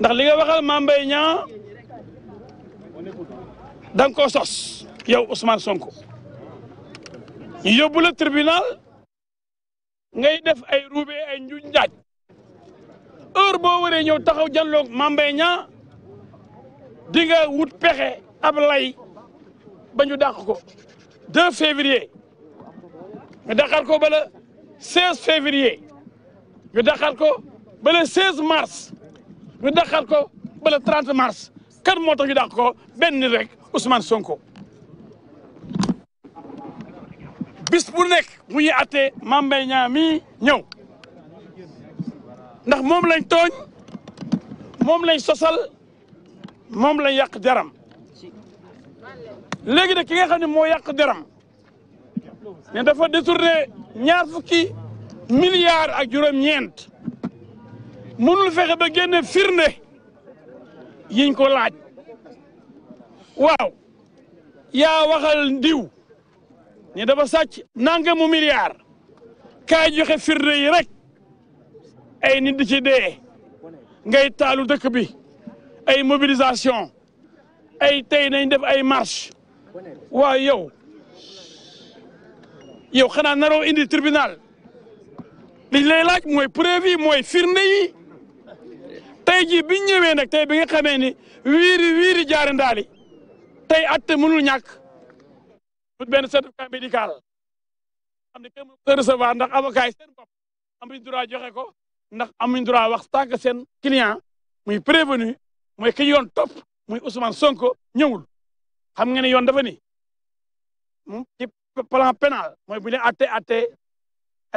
ndax li nga waxal Mame Mbaye Niang sos yow Ousmane Sonko ñu yóbbu la tribunal ngay def ay ruube ay njuñ njaaj heure boo waree ñëw taxaw janloog Mame Mbaye Niang wut pexe ab lay bañu ñu dàq ko 2 février ñu dàqaat ko ba le 16 février ñu dàqaat ko ba le 16 mars ñu dàqaat ko ba le 30 mars kan moo tax ñu dàq ko benn nit rek Ousmane Sonko. bis bu nekk mu ñuy àttee Mame Mbaye Niang mii ndax moom lañ tooñ moom lañ sosal moom lañ yàq deram léegi nag ki nga xam ne moo yàq deram ne dafa détourné ñaar fukki milliards ak juróom-ñeent mënul fexe ba génne firnde yiñ ko laaj waaw yaa waxal ndiw ni dafa sàcc nanga mu milliard kaay joxe firnde yi rek ay nit di dee ngay taalu dëkk bi ay mobilisation ay tey nañ def ay marche waaw yow yow xanaa naroo indi tribunal liñ lay laaj mooy preuve yi mooy firnde yi tey jii biñ ñëwee nag te bi nga xamee ni wiiri wiiri jaari ndaali tey atte mënul ñàkk ut benn certificat médical xam ne kenn mënu ko recevoir ndax avocat yi seen bopp amuñ droit joxe ko ndax amuñ droit wax tànk seen client muy prévenu mooy ki yoon topp muy Ousmane Sonko ñëwul xam nga ne yoon dafa ni hmm, ci plan pénal mooy bu ñu leen atte atte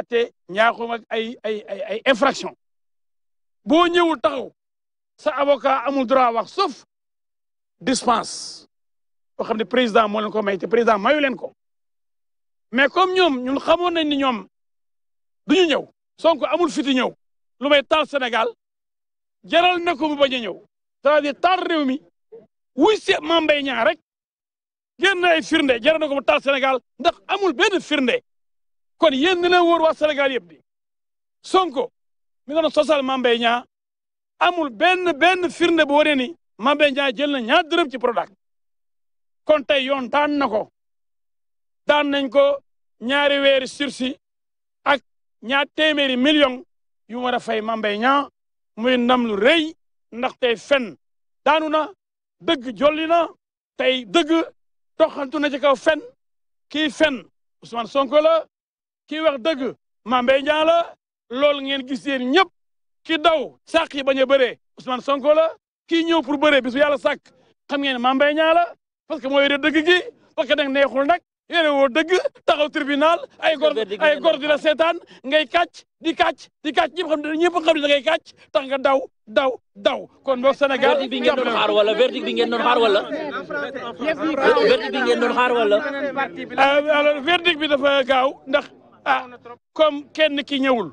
atte ñaaxum ak ay ay ay ay infraction boo ñëwul taxaw sa avocat amul droit wax sauf dispense boo xam ne président moo leen ko may te président mayu leen ko mais comme ñoom ñun xamoon nañ ni ñoom duñu ñëw Sonko amul fiti ñëw lu may taal Sénégal jaral na ko mu bañ ñëw cest à taal réew mi wuy si Mame Mbaye rek génn na firnde jaral na ko mu taal Sénégal ndax amul benn firnde kon yéen na leen wóor waa yëpp di Sonko mi doon sosal Mame Mbaye amul benn benn firnde bu wane ni Mame Mbaye jël na ñaar dërëm ci Prodac kon tey yoon daan na ko daan nañ ko ñaari weeri sirsi ak ñaar téeméeri million yu war a fay Mame Mbaye Niang muy ndam lu rëy ndax tey fen daanu na dëgg jolli na tey dëgg doxantu na ci kaw fen kii fen Ousmane Sonko la kii wax dëgg Mame Mbaye la loolu ngeen gis yéen ñëpp ki daw sàq yi bañ a bëree Ousmane Sonko la kii ñëw pour bëree bis bu yàlla sàkk xam ngeen ne Mame Mbaye Niang la parce que moo yore dëgg gi parce que nag neexul nag yore woo dëgg taxaw tribunal ay gor ay gor di la seetaan ngay kàcc di kàcc di kàcc ñëpp xam ne ñëpp xam ne da ngay kàcc tax nga daw daw daw kon boog Sénégal verdict bi ngeen doon xaar wala verdict bi ngeen doon xaar wala verdict bi ngeen doon xaar wala euh, alors verdict bi dafa gaaw ndax ah comme kenn ki ñëwul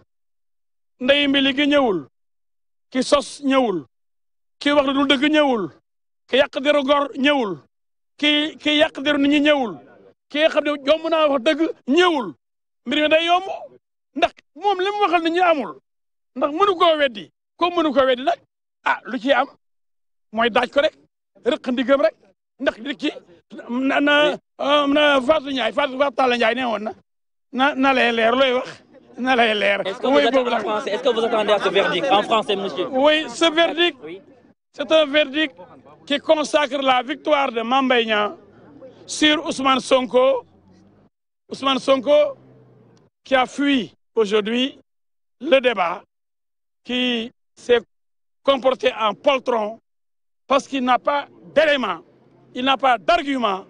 ndey mbili gi ñëwul ki sos ñëwul ki wax lu dëgg ñëwul ki yàq deru gor ñëwul ki ki yàq deru nit ñi ñëwul ki nga xam ne yomb naa wax dëgg ñëwul mbir mi da yomb ndax moom li mu waxal nit amul ndax mënu koo weddi ko mënu koo weddi nag ah lu ciy am mooy daaj ko rek rëq ndigam rek ndax nit na na na Fatou Ndiaye Fatou Fatou Talla Ndiaye nee woon na na na leer looy wax na lay leer. oui boobu la en français oui ce verdict. c'est un verdict qui consacre la victoire de Mame sur Ousmane Sonko Ousmane Sonko qui a fui aujourd'hui le débat qui s'est comporté en poltron parce qu'il n'a pas d'éléments il n'a pas d'arguments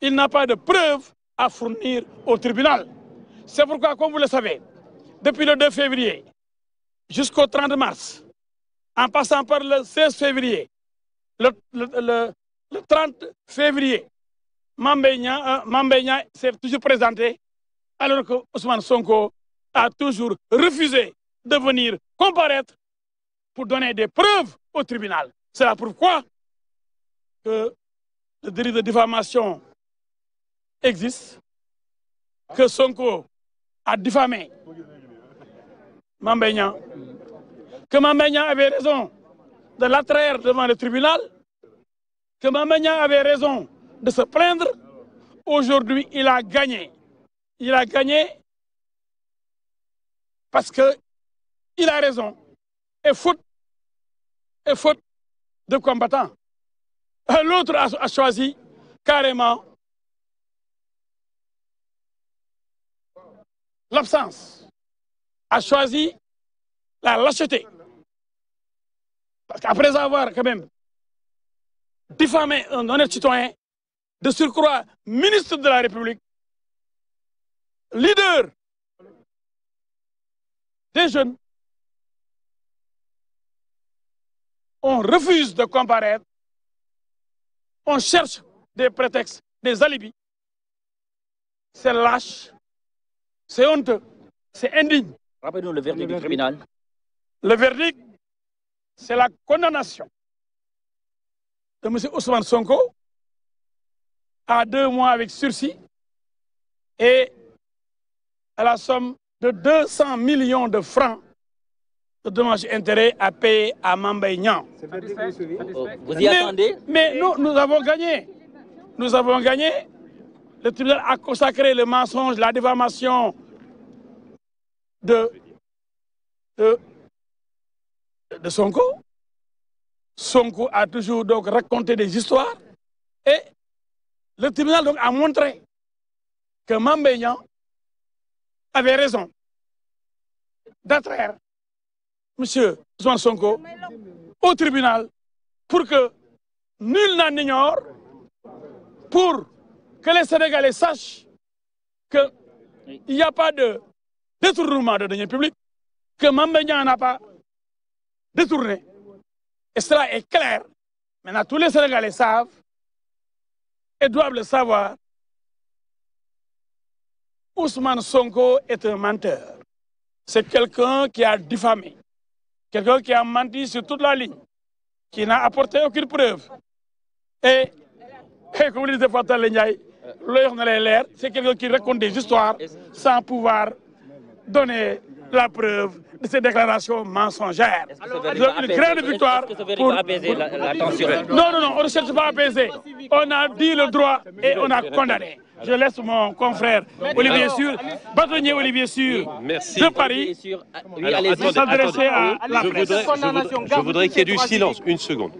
il n'a pas de preuves à fournir au tribunal C'est pourquoi, comme vous le savez, depuis le 2 février jusqu'au 30 mars, en passant par le 16 février, le, le, le, le 30 février, Mambéignan euh, s'est toujours présenté alors que Ousmane Sonko a toujours refusé de venir comparaître pour donner des preuves au tribunal. C'est pourquoi que le délit de diffamation existe, que Sonko a diffamé Mame Mbaye Niang que Mame Mbaye Niang avait raison de l'attraire devant le tribunal que Mame Mbaye Niang avait raison de se plaindre aujourd'hui il a gagné il a gagné parce que il a raison et faute et faute de combattant l'autre a choisi carrément l'absence, a choisi la lâcheté. Parce qu'après avoir quand même diffamé un honnête citoyen, de surcroît ministre de la République, leader des jeunes, on refuse de comparaître, on cherche des prétextes, des alibis. C'est lâche, C'est honteux. C'est indigne. rappelez le verdict du tribunal. Le verdict, c'est la condamnation de M. Ousmane Sonko à deux mois avec sursis et à la somme de millions de francs de dommages intérêts à payer à Mambay oh, Mais, nous, nous avons gagné. Le tribunal a consacré le mensonge, la diffamation, de, de, de Sonko. Sonko a toujours donc raconté des histoires et le tribunal donc a montré que Mambéignan avait raison d'attraire M. Ousmane Sonko au tribunal pour que nul n'en ignore, pour que les Sénégalais sachent qu'il n'y a pas de détournement de deniers publics que Mame Mbaye Niang n'a pas détourné. Et cela est clair. Maintenant, tous les Sénégalais savent et doivent le savoir. Ousmane Sonko est un menteur. C'est quelqu'un qui a diffamé, quelqu'un qui a menti sur toute la ligne, qui n'a apporté aucune preuve. Et, et comme le disait Fatal Ndiaye, l'œil quelqu'un qui raconte des histoires sans pouvoir donner la preuve de ces déclarations mensongères. Une grande victoire. Non, non, on ne cherche pas à On a dit le droit et on a condamné. Je laisse mon confrère Olivier Sûr, bâtonnier Olivier Sûr de Paris, s'adresser à la presse. Je voudrais, qu'il y ait du silence, une seconde.